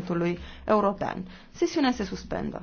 Parlamentului European. Sesiunea se suspendă.